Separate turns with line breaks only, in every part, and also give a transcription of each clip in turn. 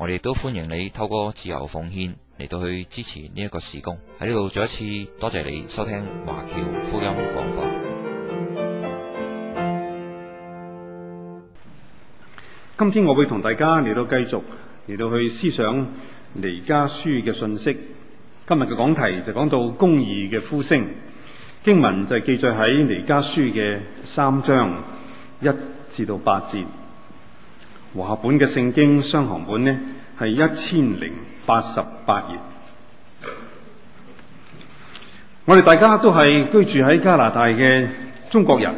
我哋都歡迎你透過自由奉獻嚟到去支持呢一個事工。喺呢度再一次多謝你收聽華僑福音廣播。今天我會同大家嚟到繼續嚟到去思想彌迦書嘅信息。今日嘅講題就講到公義嘅呼聲。經文就係記載喺彌迦書嘅三章一至到八節。和合本嘅聖經雙行本呢，係一千零八十八頁。我哋大家都係居住喺加拿大嘅中國人。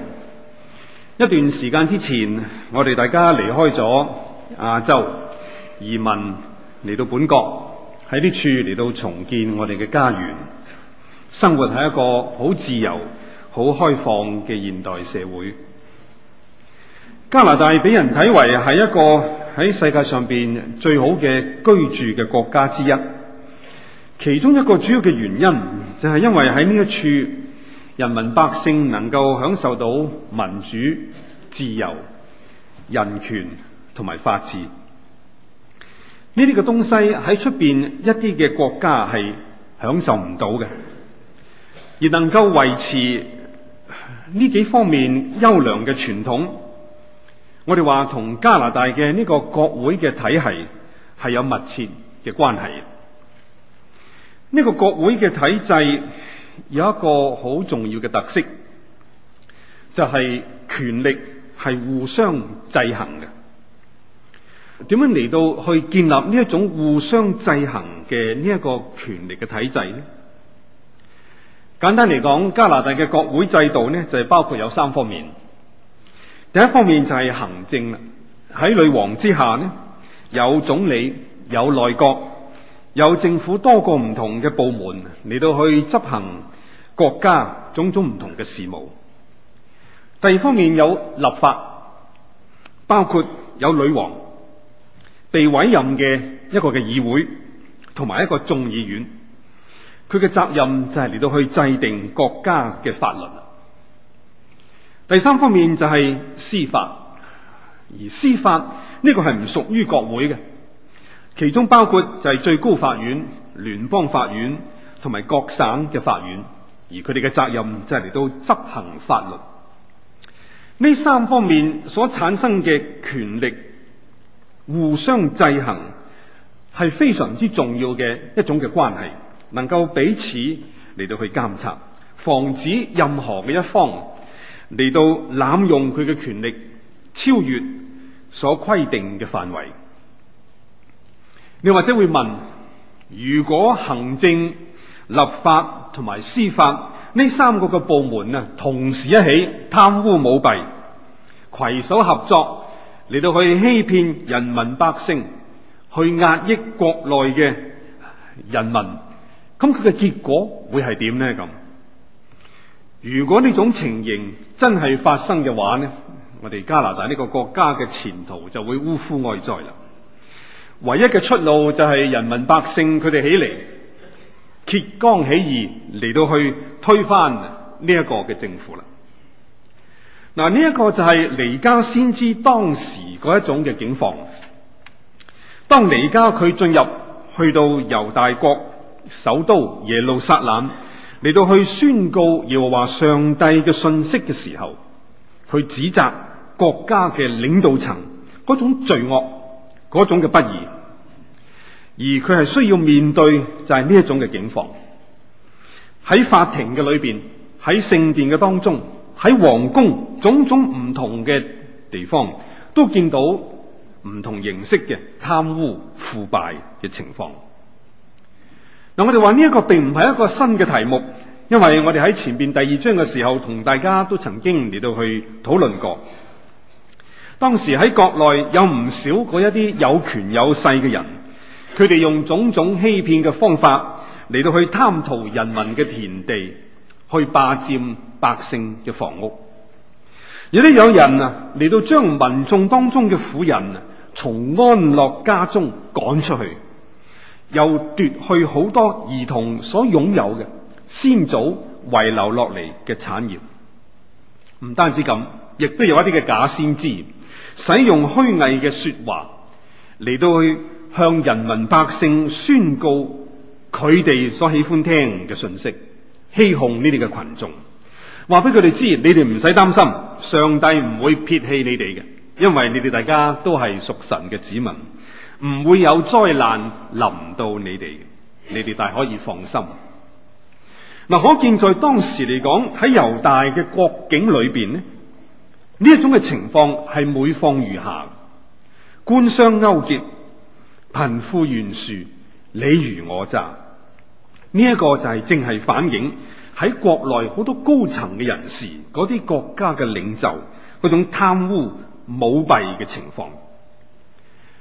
一段時間之前，我哋大家離開咗亞洲，移民嚟到本國，喺呢處嚟到重建我哋嘅家園。生活喺一個好自由、好開放嘅現代社會。加拿大俾人睇為係一個喺世界上邊最好嘅居住嘅國家之一，其中一個主要嘅原因就係因為喺呢一處人民百姓能夠享受到民主、自由、人權同埋法治呢啲嘅東西喺出邊一啲嘅國家係享受唔到嘅，而能夠維持呢幾方面優良嘅傳統。我哋話同加拿大嘅呢個國會嘅體系係有密切嘅關係。呢個國會嘅體制有一個好重要嘅特色，就係權力係互相制衡嘅。點樣嚟到去建立呢一種互相制衡嘅呢一個權力嘅體制咧？簡單嚟講，加拿大嘅國會制度咧就係包括有三方面。第一方面就係行政啦，喺女王之下咧，有總理、有內閣、有政府多個唔同嘅部門嚟到去執行國家種種唔同嘅事務。第二方面有立法，包括有女王被委任嘅一個嘅議會，同埋一個眾議院，佢嘅責任就係嚟到去制定國家嘅法律。第三方面就係司法，而司法呢個係唔屬於國會嘅，其中包括就係最高法院、聯邦法院同埋各省嘅法院，而佢哋嘅責任就係嚟到執行法律。呢三方面所產生嘅權力互相制衡，係非常之重要嘅一種嘅關係，能夠彼此嚟到去監察，防止任何嘅一方，嚟到濫用佢嘅權力，超越所規定嘅範圍。你或者會問：如果行政、立法同埋司法呢三個嘅部門啊，同時一起貪污舞弊，攜手合作嚟到去欺騙人民百姓，去壓抑國內嘅人民，咁佢嘅結果會係點呢？咁？如果呢種情形真係發生嘅話呢，我哋加拿大呢個國家嘅前途就會嗚呼哀哉啦。唯一嘅出路就係人民百姓佢哋起嚟揭竿起義嚟到去推翻呢一個嘅政府啦。嗱，呢一個就係彌迦先知當時嗰一種嘅境況。當彌迦佢進入去到猶大國首都耶路撒冷，嚟到去宣告耶和華上帝嘅信息嘅時候，去指責國家嘅領導層嗰種罪惡，嗰種嘅不義，而佢係需要面對就係呢一種嘅境況，喺法庭嘅裏邊，喺聖殿嘅當中，喺皇宮種種唔同嘅地方，都見到唔同形式嘅貪污腐敗嘅情況。嗱，我哋話呢一個並唔係一個新嘅題目，因為我哋喺前邊第二章嘅時候，同大家都曾經嚟到去討論過。當時喺國內有唔少嗰一啲有權有勢嘅人，佢哋用種種欺騙嘅方法嚟到去貪圖人民嘅田地，去霸佔百姓嘅房屋。亦都有人啊嚟到將民眾當中嘅婦人啊，從安樂家中趕出去。又奪去好多兒童所擁有嘅先祖遺留落嚟嘅產業，唔單止咁，亦都有一啲嘅假先知，使用虛偽嘅說話嚟到向人民百姓宣告佢哋所喜歡聽嘅信息，欺哄呢啲嘅群眾，話俾佢哋知，你哋唔使擔心，上帝唔會撇棄你哋嘅，因為你哋大家都係屬神嘅子民。唔會有災難臨到你哋，你哋大可以放心。嗱，可見在當時嚟講，喺猶大嘅國境裏邊呢，呢一種嘅情況係每況愈下，官商勾結，貧富懸殊，你如我詐。呢、這、一個就係正係反映喺國內好多高層嘅人士，嗰啲國家嘅領袖嗰種貪污舞弊嘅情況。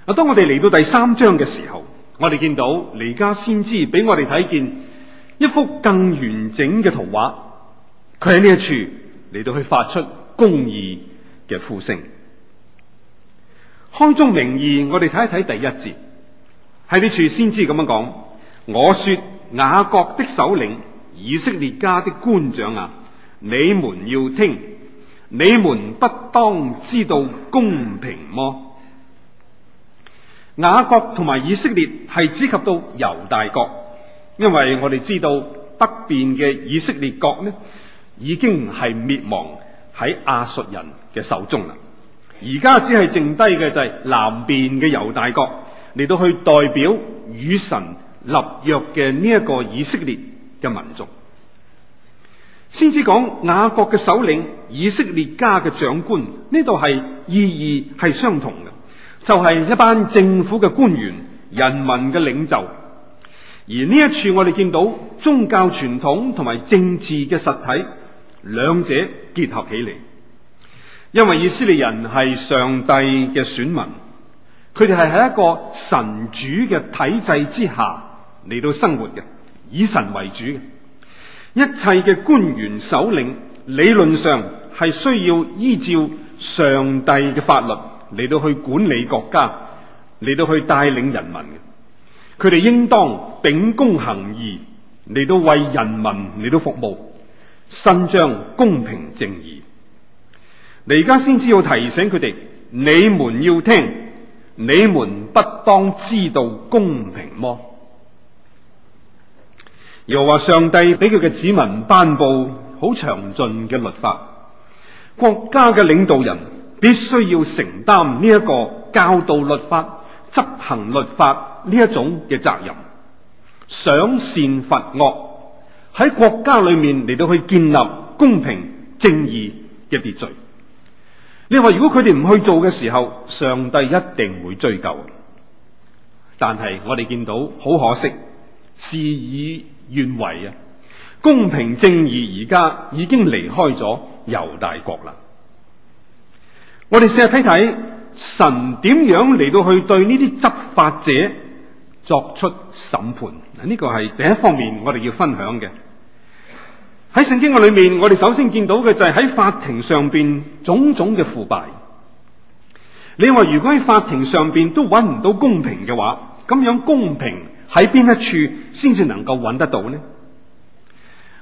嗱，當我哋嚟到第三章嘅時候，我哋見到彌迦先知俾我哋睇見一幅更完整嘅圖畫。佢喺呢一處嚟到去發出公義嘅呼聲。康中名義，我哋睇一睇第一節喺呢處先知咁樣講：我說雅各的首領、以色列家的官長啊，你們要聽，你們不當知道公平麼？雅各同埋以色列係指及到猶大國，因為我哋知道北邊嘅以色列國呢，已經係滅亡喺亞述人嘅手中啦。而家只係剩低嘅就係南邊嘅猶大國嚟到去代表與神立約嘅呢一個以色列嘅民族，先至講雅各嘅首領、以色列家嘅長官呢度係意義係相同嘅。就係一班政府嘅官員、人民嘅領袖，而呢一處我哋見到宗教傳統同埋政治嘅實體兩者結合起嚟，因為以色列人係上帝嘅選民，佢哋係喺一個神主嘅體制之下嚟到生活嘅，以神為主，一切嘅官員首領理論上係需要依照上帝嘅法律，嚟到去管理國家，嚟到去帶領人民，佢哋應當秉公行義，嚟到為人民嚟到服務，伸張公平正義。你而家先至要提醒佢哋，你們要聽，你們不當知道公平麼？又話上帝俾佢嘅子民頒布好詳盡嘅律法，國家嘅領導人。必須要承擔呢一個教導律法、執行律法呢一種嘅責任，賞善罰惡，喺國家裏面嚟到去建立公平正義嘅秩序。你話如果佢哋唔去做嘅時候，上帝一定會追究。但係我哋見到好可惜，事與願違啊！公平正義而家已經離開咗猶大國啦。
我哋試下睇睇
神點樣嚟到去對呢啲執法者作出審判嗱，呢個係第一方面我哋要分享嘅。喺聖經嘅裏面，我哋首先見到嘅就係喺法庭上邊種種嘅腐敗。你話如果喺法庭上邊都揾唔到公平嘅話，咁樣公平喺邊一處先至能夠揾得到呢？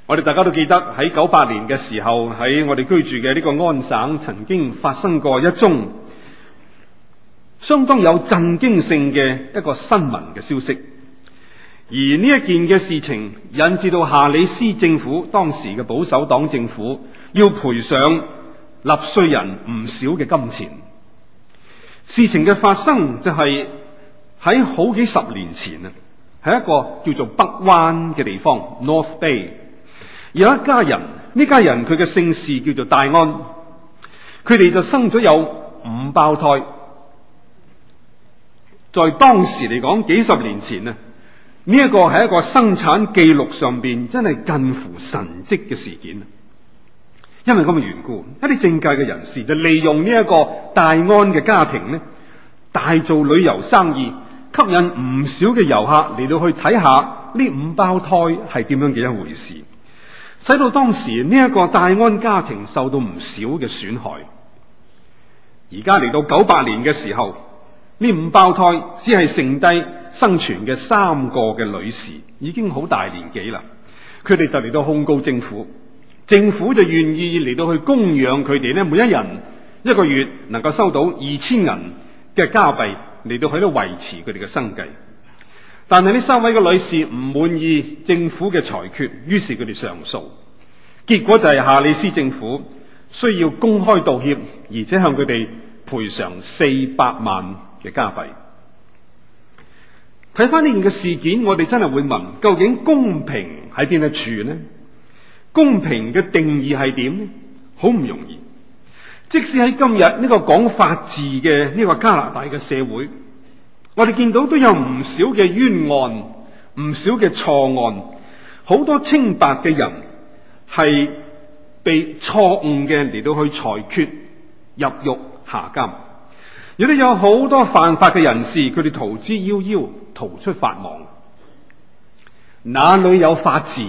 我哋大家都記得喺九八年嘅時候，喺我哋居住嘅呢個安省，曾經發生過一宗相當有震驚性嘅一個新聞嘅消息。而呢一件嘅事情，引致到夏里斯政府當時嘅保守黨政府要賠償納稅人唔少嘅金錢。事情嘅發生就係喺好幾十年前啊，喺一個叫做北灣嘅地方 （North Bay）。有一家人，呢家人佢嘅姓氏叫做大安，佢哋就生咗有五胞胎。在當時嚟講，幾十年前啊，呢一個係一個生產記錄上邊真係近乎神蹟嘅事件啊。因為咁嘅緣故，一啲政界嘅人士就利用呢一個大安嘅家庭咧，大做旅遊生意，吸引唔少嘅遊客嚟到去睇下呢五胞胎係點樣嘅一回事。使到當時呢一個大安家庭受到唔少嘅損害。而家嚟到九八年嘅時候，呢五胞胎只係剩低生存嘅三個嘅女士，已經好大年紀啦。佢哋就嚟到控告政府，政府就願意嚟到去供養佢哋咧，每一人一個月能夠收到二千銀嘅加幣嚟到喺度維持佢哋嘅生計。但係呢三位嘅女士唔滿意政府嘅裁決，於是佢哋上訴，結果就係夏利斯政府需要公開道歉，而且向佢哋賠償四百萬嘅加幣。睇翻，呢件嘅事件，我哋真係會問，究竟公平喺邊一處呢？公平嘅定義係點呢？好唔容易，即使喺今日呢個講法治嘅呢個加拿大嘅社會。我哋見到都有唔少嘅冤案，唔少嘅錯案，好多清白嘅人係被錯誤嘅嚟到去裁決入獄下監，亦都有好多犯法嘅人士，佢哋逃之夭夭，逃出法網。哪裏有法治，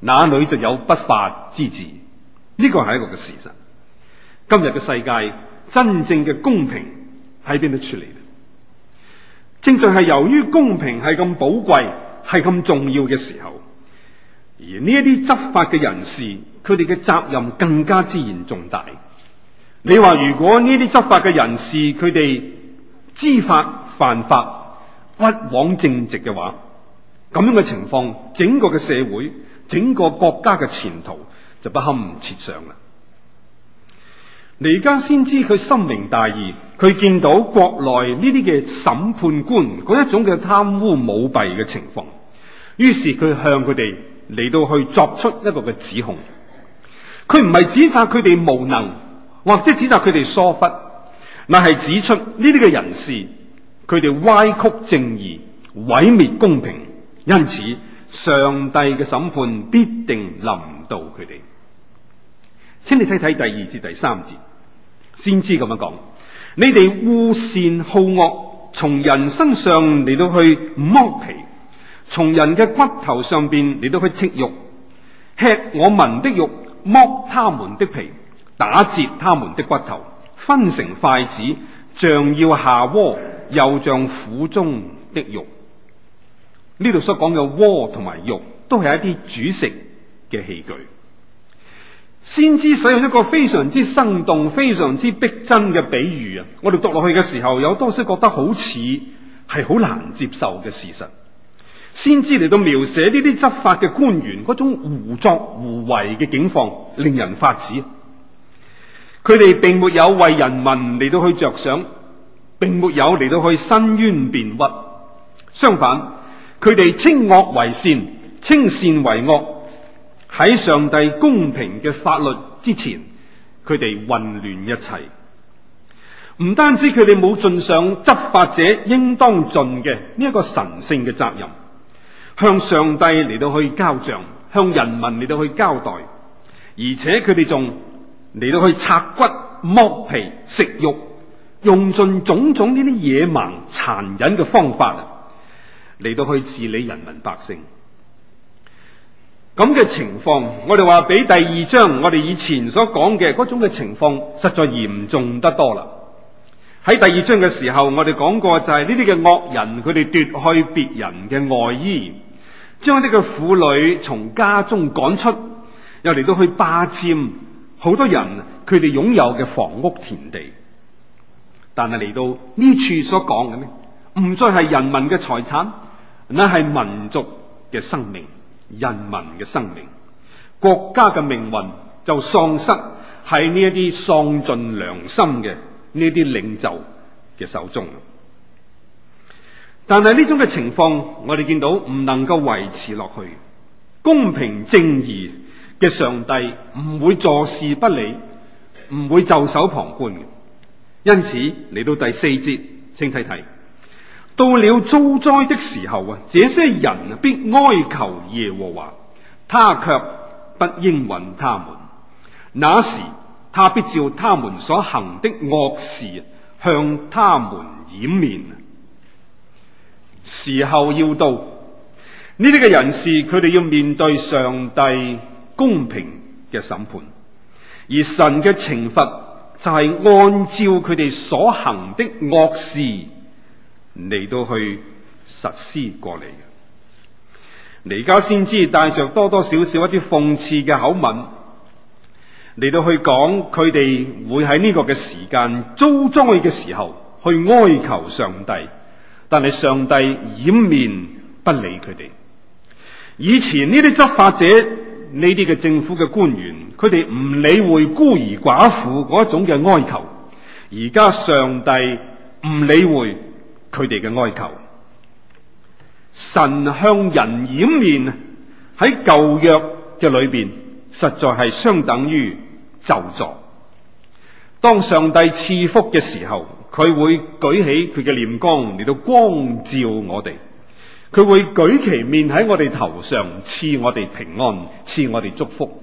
哪裏就有不法之治，呢、這個係一個嘅事實。今日嘅世界，真正嘅公平喺邊度出嚟咧？正正係由於公平係咁寶貴，係咁重要嘅時候，而呢一啲執法嘅人士，佢哋嘅責任更加自然重大。你話如果呢啲執法嘅人士佢哋知法犯法，屈枉正直嘅話，咁樣嘅情況，整個嘅社會，整個國家嘅前途就不堪設想啦。而家先知佢心明大義，佢見到國內呢啲嘅審判官嗰一種嘅貪污舞弊嘅情況，於是佢向佢哋嚟到去作出一個嘅指控。佢唔係指責佢哋無能，或者指責佢哋疏忽，乃係指出呢啲嘅人士，佢哋歪曲正義、毀滅公平，因此上帝嘅審判必定臨到佢哋。請你睇睇第二節、第三節。先知咁樣講，你哋惡善好惡，從人身上嚟到去剝皮，從人嘅骨頭上邊嚟到去剔肉，吃我民的肉，剝他們的皮，打折他們的骨頭，分成筷子，像要下鍋，又像釜中的肉。呢度所講嘅鍋同埋肉，都係一啲煮食嘅器具。先知使用一個非常之生動、非常之逼真嘅比喻啊！我哋讀落去嘅時候，有好多時覺得好似係好難接受嘅事實。先知嚟到描寫呢啲執法嘅官員嗰種胡作胡為嘅境況，令人發指。佢哋並沒有為人民嚟到去着想，並沒有嚟到去伸冤辯屈，相反，佢哋稱惡為善，稱善為惡。喺上帝公平嘅法律之前，佢哋混亂一切。唔單止佢哋冇盡上執法者應當盡嘅呢一個神聖嘅責任，向上帝嚟到去交賬，向人民嚟到去交代，而且佢哋仲嚟到去拆骨剝皮食肉，用盡種種呢啲野蠻殘忍嘅方法嚟到去治理人民百姓。咁嘅情況，我哋話比第二章我哋以前所講嘅嗰種嘅情況實在嚴重得多啦。喺第二章嘅時候，我哋講過就係呢啲嘅惡人，佢哋奪去別人嘅外衣，將呢個婦女從家中趕出，又嚟到去霸佔好多人佢哋擁有嘅房屋田地。但係嚟到呢處所講嘅咧，唔再係人民嘅財產，乃係民族嘅生命。人民嘅生命，國家嘅命運就喪失係呢一啲喪盡良心嘅呢啲領袖嘅手中。但係呢種嘅情況，我哋見到唔能夠維持落去，公平正義嘅上帝唔會坐視不理，唔會袖手旁觀嘅。因此嚟到第四節，請睇睇。到了遭災的時候啊，這些人必哀求耶和華，他卻不應允他們。那時，他必照他們所行的惡事向他們掩面。時候要到，呢啲嘅人士，佢哋要面對上帝公平嘅審判，而神嘅懲罰就係按照佢哋所行嘅惡事。嚟到去實施過嚟，而家先知，帶着多多少少一啲諷刺嘅口吻嚟到去講，佢哋會喺呢個嘅時間遭災嘅時候去哀求上帝，但係上帝掩面不理佢哋。以前呢啲執法者、呢啲嘅政府嘅官員，佢哋唔理會孤兒寡婦嗰一種嘅哀求，而家上帝唔理會。佢哋嘅哀求，神向人掩面喺舊約嘅裏邊，實在係相等於咒詛。當上帝賜福嘅時候，佢會舉起佢嘅臉，光嚟到光照我哋，佢會舉其面喺我哋頭上賜我哋平安，賜我哋祝福。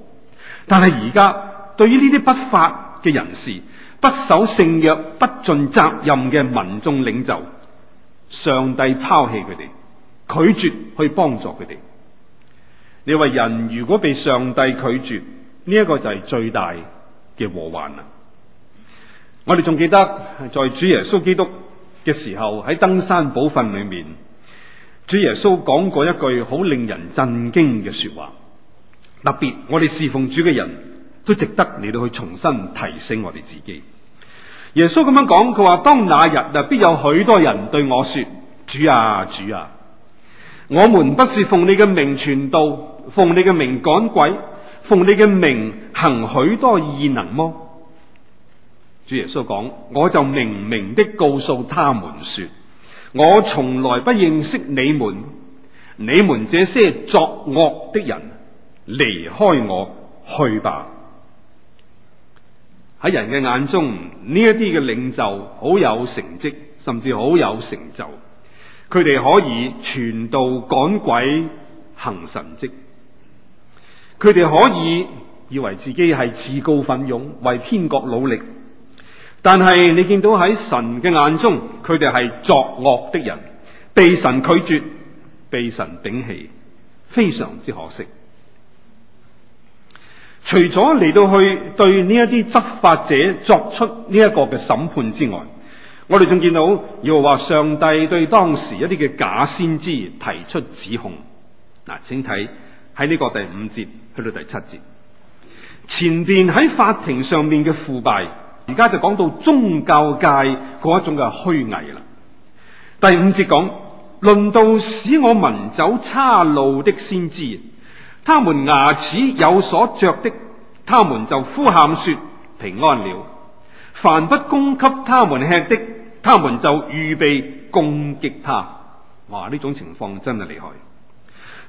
但係而家對於呢啲不法嘅人士、不守聖約、不盡責任嘅民眾領袖。上帝拋棄佢哋，拒絕去幫助佢哋。你話人如果被上帝拒絕，呢一個就係最大嘅禍患啦。我哋仲記得在主耶穌基督嘅時候喺登山寶訓裏面，主耶穌講過一句好令人震驚嘅說話。特別我哋侍奉主嘅人都值得嚟到去重新提醒我哋自己。耶穌咁樣講，佢話當那日啊，必有許多人對我說：主啊，主啊，我們不是奉你嘅名傳道，奉你嘅名趕鬼，奉你嘅名行許多異能麼？主耶穌講，我就明明地告訴他們說：我從來不認識你們，你們這些作惡的人，離開我去吧。喺人嘅眼中，呢一啲嘅領袖好有成績，甚至好有成就。佢哋可以傳道趕鬼行神蹟，佢哋可以以為自己係自告奮勇為天國努力。但係你見到喺神嘅眼中，佢哋係作惡的人，被神拒絕，被神摒棄，非常之可惜。除咗嚟到去對呢一啲執法者作出呢一個嘅審判之外，我哋仲見到，要話上帝對當時一啲嘅假先知提出指控。嗱，請睇喺呢個第五節去到第七節，前邊喺法庭上面嘅腐敗，而家就講到宗教界嗰一種嘅虛偽啦。第五節講，論到使我民走岔路的先知。他們牙齒有所着的，他們就呼喊說平安了。凡不供給他們吃的，他們就預備攻擊他。哇！呢種情況真係厲害。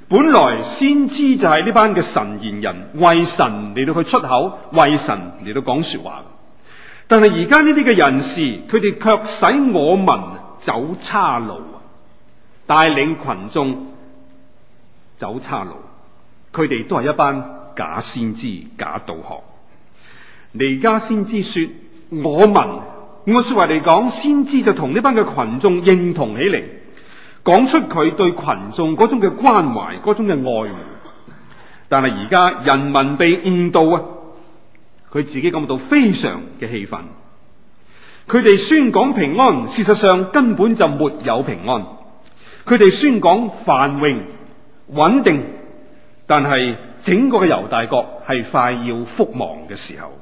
本來先知就係呢班嘅神言人，為神嚟到去出口，為神嚟到講說話。但係而家呢啲嘅人士，佢哋卻使我民走岔路啊！帶領群眾走岔路。佢哋都係一班假先知、假道學。而家，先知說，我問我說話嚟講，先知就同呢班嘅群眾認同起嚟，講出佢對群眾嗰種嘅關懷、嗰種嘅愛護。但係而家人民被誤導啊！佢自己感到非常嘅氣憤。佢哋宣講平安，事實上根本就沒有平安。佢哋宣講繁榮、穩定。但係整個嘅猶大國係快要覆亡嘅時候，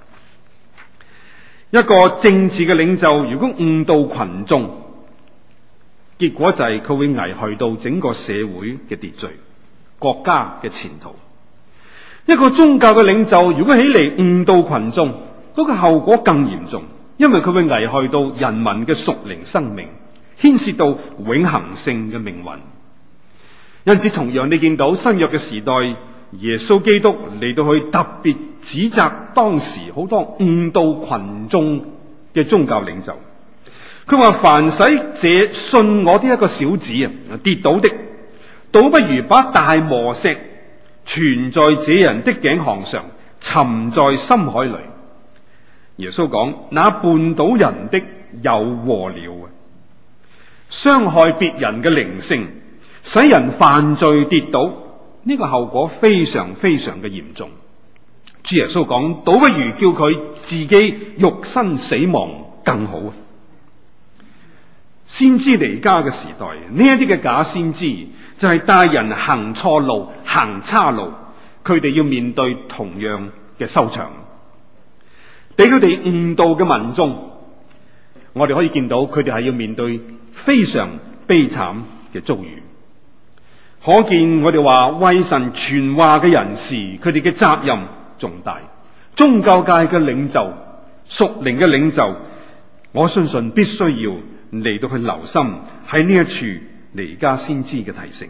一個政治嘅領袖如果誤導群眾，結果就係佢會危害到整個社會嘅秩序、國家嘅前途。一個宗教嘅領袖如果起嚟誤導群眾，嗰個後果更嚴重，因為佢會危害到人民嘅屬靈生命，牽涉到永恒性嘅命運。因此，同樣你見到新約嘅時代，耶穌基督嚟到去特別指責當時好多誤導群眾嘅宗教領袖。佢話：凡使這信我啲一個小子啊跌倒的，倒不如把大磨石存在這人的頸項上，沉在深海裏。耶穌講：那絆倒人的有禍了啊，傷害別人嘅靈性。」使人犯罪跌倒，呢、這個後果非常非常嘅嚴重。主耶穌講，倒不如叫佢自己肉身死亡更好啊！先知彌迦嘅時代，呢一啲嘅假先知就係、是、帶人行錯路、行差路，佢哋要面對同樣嘅收場，俾佢哋誤導嘅民眾，我哋可以見到佢哋係要面對非常悲慘嘅遭遇。可見我哋話為神傳話嘅人士，佢哋嘅責任重大。宗教界嘅領袖、屬靈嘅領袖，我相信,信必須要嚟到去留心喺呢一處彌迦先知嘅提醒。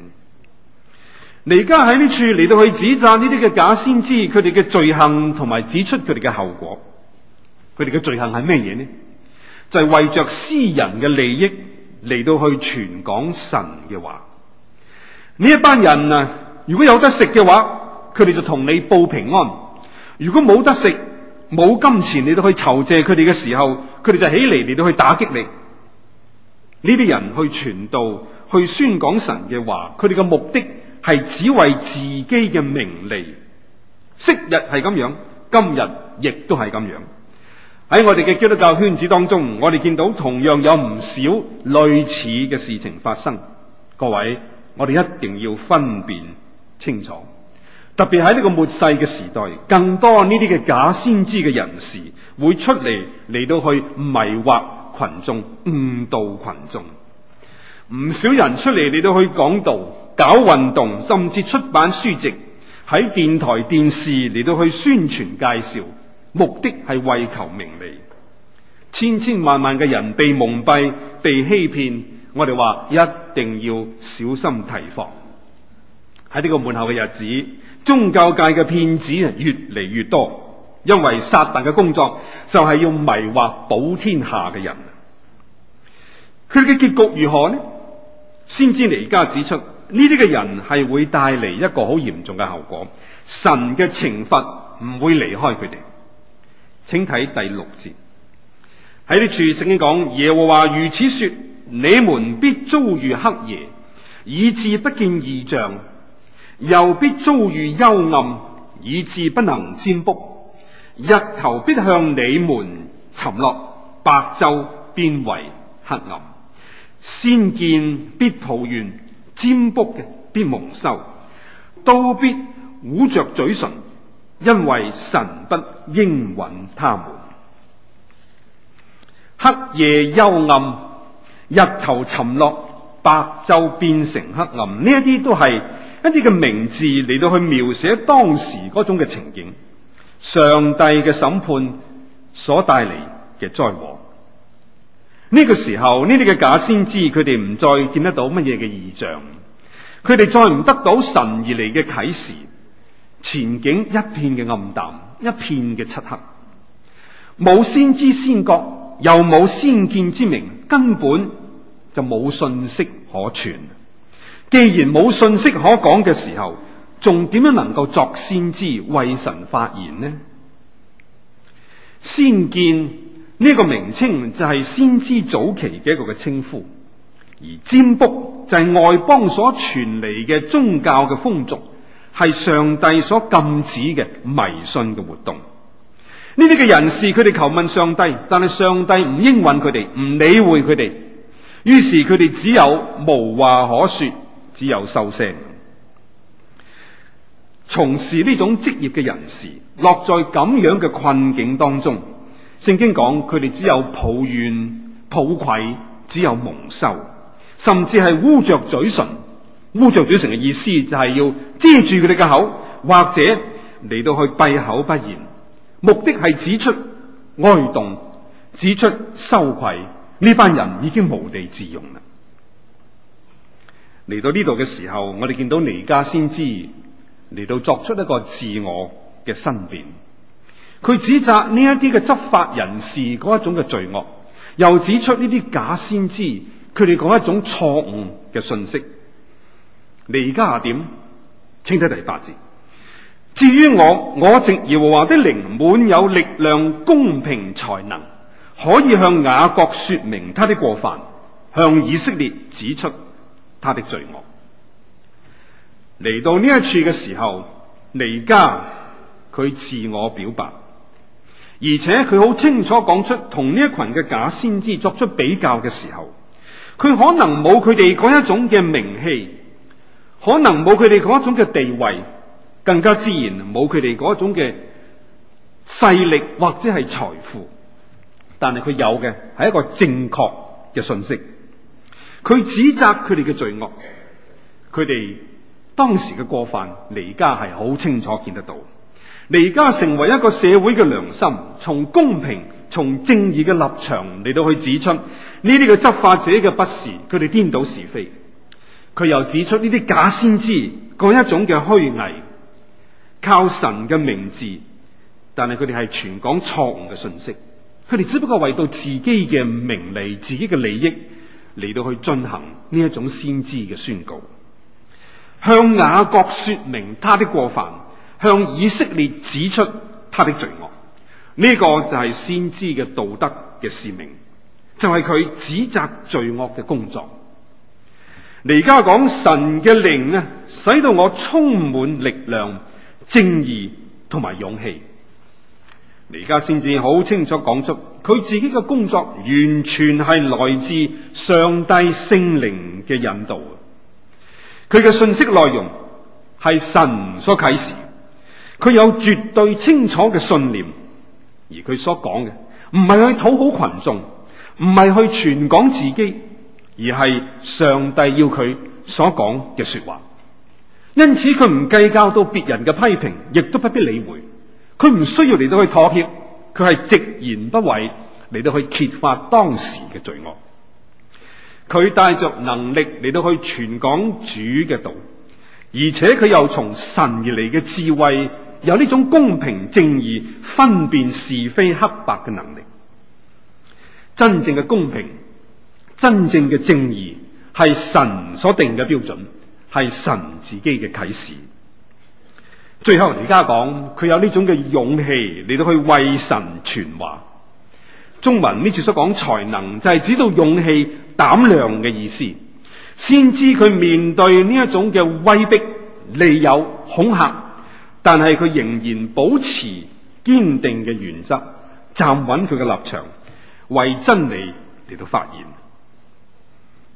彌迦喺呢處嚟到去指責呢啲嘅假先知，佢哋嘅罪行同埋指出佢哋嘅後果。佢哋嘅罪行係咩嘢呢？就係、是、為着私人嘅利益嚟到去傳講神嘅話。呢一班人啊，如果有得食嘅話，佢哋就同你報平安；如果冇得食、冇金錢，你都去求借佢哋嘅時候，佢哋就起嚟嚟到去打擊你。呢啲人去傳道、去宣講神嘅話，佢哋嘅目的係只為自己嘅名利。昔日係咁樣，今日亦都係咁樣。喺我哋嘅基督教圈子當中，我哋見到同樣有唔少類似嘅事情發生。各位。我哋一定要分辨清楚，特別喺呢個末世嘅時代，更多呢啲嘅假先知嘅人士會出嚟嚟到去迷惑群眾、誤導群眾。唔少人出嚟，嚟到去講道、搞運動，甚至出版書籍，喺電台、電視嚟到去宣傳介紹，目的係為求名利。千千萬萬嘅人被蒙蔽、被欺騙。我哋話一定要小心提防，喺呢個門後嘅日子，宗教界嘅騙子啊越嚟越多，因為撒但嘅工作就係要迷惑保天下嘅人。佢嘅結局如何呢？先知彌迦指出呢啲嘅人係會帶嚟一個好嚴重嘅後果，神嘅懲罰唔會離開佢哋。請睇第六節，喺呢處聖經講，耶和華如此說。你們必遭遇黑夜，以致不見異象；又必遭遇幽暗，以致不能占卜。日頭必向你們沉落，白晝變為黑暗。先見必抱愧，占卜嘅必蒙羞。都必捂着嘴脣，因為神不應允他們。黑夜幽暗。日頭沉落，白晝變成黑暗，呢一啲都係一啲嘅名字嚟到去描寫當時嗰種嘅情景，上帝嘅審判所帶嚟嘅災禍。呢個時候，呢啲嘅假先知佢哋唔再見得到乜嘢嘅異象，佢哋再唔得到神而嚟嘅啟示，前景一片嘅暗淡，一片嘅漆黑，冇先知先覺，又冇先見之明，根本。就冇信息可傳。既然冇信息可講嘅時候，仲點樣能夠作先知為神發言呢？先見呢個名稱就係先知早期嘅一個嘅稱呼，而占卜就係外邦所傳嚟嘅宗教嘅風俗，係上帝所禁止嘅迷信嘅活動。呢啲嘅人士，佢哋求問上帝，但係上帝唔應允佢哋，唔理會佢哋。於是佢哋只有無話可說，只有收聲。從事呢種職業嘅人士，落在咁樣嘅困境當中，聖經講佢哋只有抱怨、抱愧，只有蒙羞，甚至係摀着嘴唇。摀着嘴唇嘅意思就係要遮住佢哋嘅口，或者嚟到去閉口不言，目的係指出哀動，指出羞愧。呢班人已經無地自容啦！嚟到呢度嘅時候，我哋見到彌迦先知嚟到作出一個自我嘅申辯，佢指責呢一啲嘅執法人士嗰一種嘅罪惡，又指出呢啲假先知佢哋講一種錯誤嘅信息。彌迦係點？請睇第八節。至於我，我藉耶和華的靈滿有力量、公平才能。可以向雅各說明他的過犯，向以色列指出他的罪惡。嚟到呢一處嘅時候，彌迦佢自我表白，而且佢好清楚講出同呢一群嘅假先知作出比較嘅時候，佢可能冇佢哋嗰一種嘅名氣，可能冇佢哋嗰一種嘅地位，更加自然冇佢哋嗰一種嘅勢力或者係財富。但係佢有嘅係一個正確嘅信息，佢指責佢哋嘅罪惡，佢哋當時嘅過犯，彌迦係好清楚見得到。彌迦成為一個社會嘅良心，從公平、從正義嘅立場嚟到去指出呢啲嘅執法者嘅不是，佢哋顛倒是非。佢又指出呢啲假先知，講一種嘅虛偽，靠神嘅名字，但係佢哋係全港錯誤嘅信息。佢哋只不過為到自己嘅名利，自己嘅利益嚟到去進行呢一種先知嘅宣告，向雅各說明他的過犯，向以色列指出他的罪惡。呢、這個就係先知嘅道德嘅使命，就係、是、佢指責罪惡嘅工作。彌迦講神嘅靈啊，使到我充滿力量、正義同埋勇氣。而家先至好清楚講出，佢自己嘅工作完全係來自上帝聖靈嘅引導。佢嘅信息內容係神所啟示，佢有絕對清楚嘅信念，而佢所講嘅唔係去討好群眾，唔係去傳講自己，而係上帝要佢所講嘅說話。因此佢唔計較到別人嘅批評，亦都不必理會。佢唔需要嚟到去妥協，佢係直言不諱嚟到去揭發當時嘅罪惡。佢帶着能力嚟到去傳講主嘅道，而且佢又從神而嚟嘅智慧，有呢種公平正義、分辨是非黑白嘅能力。真正嘅公平、真正嘅正義係神所定嘅標準，係神自己嘅啟示。最後，彌迦講佢有呢種嘅勇氣嚟到去為神傳話。中文呢處所講才能，就係指到勇氣、膽量嘅意思，先知佢面對呢一種嘅威逼、利誘、恐嚇，但係佢仍然保持堅定嘅原則，站穩佢嘅立場，為真理嚟到發言。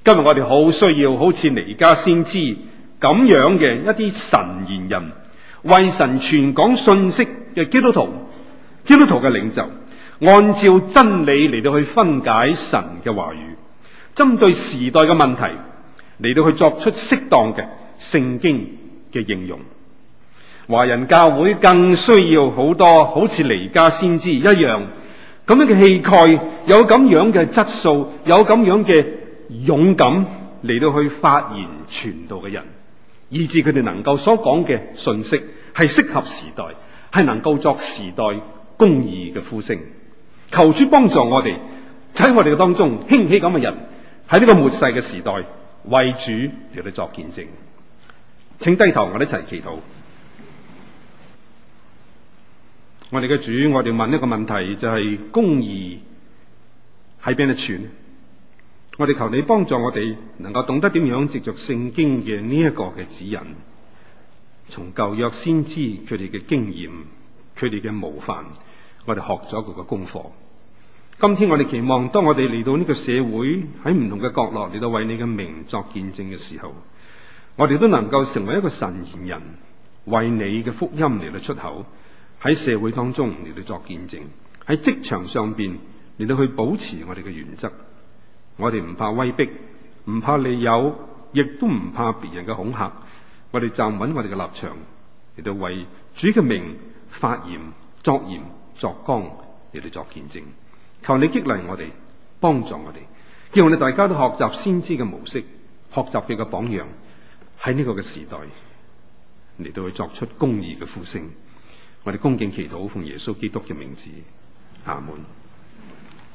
今日我哋好需要好似彌迦先知咁樣嘅一啲神言人。為神傳講信息嘅基督徒，基督徒嘅領袖，按照真理嚟到去分解神嘅話語，針對時代嘅問題嚟到去作出適當嘅聖經嘅應用。華人教會更需要多好多好似彌迦先知一樣咁樣嘅氣概，有咁樣嘅質素，有咁樣嘅勇敢嚟到去發言傳道嘅人。以致佢哋能夠所講嘅信息係適合時代，係能夠作時代公義嘅呼聲。求主幫助我哋喺我哋嘅當中興起咁嘅人，喺呢個末世嘅時代為主嚟作見證請低頭我哋一齊祈禱。我哋嘅主，我哋問一個問題，就係、是、公義喺邊度存？我哋求你幫助我哋，能夠懂得點樣藉着聖經嘅呢一個嘅指引，從舊約先知佢哋嘅經驗，佢哋嘅模範，我哋學咗佢嘅功課。今天我哋期望，當我哋嚟到呢個社會喺唔同嘅角落嚟到為你嘅名作見證嘅時候，我哋都能夠成為一個神言人，為你嘅福音嚟到出口喺社會當中嚟到作見證，喺職場上邊嚟到去保持我哋嘅原則。我哋唔怕威逼，唔怕利誘，亦都唔怕別人嘅恐嚇。我哋站穩我哋嘅立場，嚟到為主嘅名發言、作言、作光嚟到作見證。求你激勵我哋，幫助我哋，叫我哋大家都學習先知嘅模式，學習佢嘅榜樣，喺呢個嘅時代嚟到去作出公義嘅呼聲。我哋恭敬祈禱，奉耶穌基督嘅名字，阿門。